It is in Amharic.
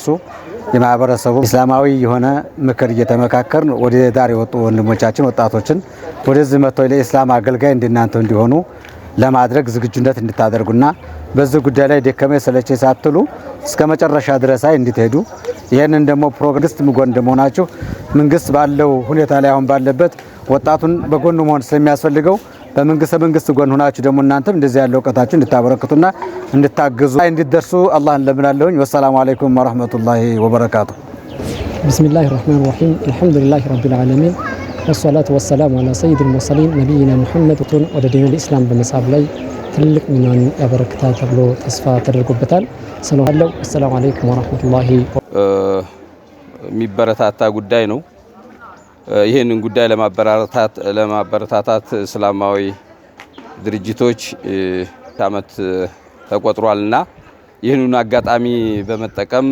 እሱ የማህበረሰቡ ኢስላማዊ የሆነ ምክር እየተመካከርን ወደ ዳር የወጡ ወንድሞቻችን ወጣቶችን ወደዚህ መጥተው ለኢስላም አገልጋይ እንድናንተ እንዲሆኑ ለማድረግ ዝግጁነት እንድታደርጉና በዚህ ጉዳይ ላይ ደከመ ሰለቸኝ ሳትሉ እስከ መጨረሻ ድረስ አይ እንድትሄዱ ይህንን ደግሞ ፕሮግስት ጎን እንደመሆናችሁ መንግስት ባለው ሁኔታ ላይ አሁን ባለበት ወጣቱን በጎን መሆን ስለሚያስፈልገው በመንግስት መንግስት ጎን ሆናችሁ ደግሞ እናንተም እንደዚህ ያለው እውቀታችሁ እንድታበረክቱና እንድታግዙ እንድደርሱ አላህን ለምናለሁኝ። ወሰላሙ አለይኩም ወረህመቱላሂ ወበረካቱ። ብስሚላህ ራህማን ራሂም አልሐምዱሊላህ ረቢል ዓለሚን ወሰላቱ ወሰላሙ አላ ሰይድ ልሙርሰሊን ነቢይና ሙሐመድ ቱን ወደ ዲኑል ኢስላም በመሳብ ላይ ትልቅ ሚናን ያበረክታል ተብሎ ተስፋ ተደርጎበታል። ስለዋለው አሰላሙ አለይኩም ወረህመቱላሂ። የሚበረታታ ጉዳይ ነው። ይህንን ጉዳይ ለማበረታታት እስላማዊ ድርጅቶች ዓመት ተቆጥሯልና ይህንን አጋጣሚ በመጠቀም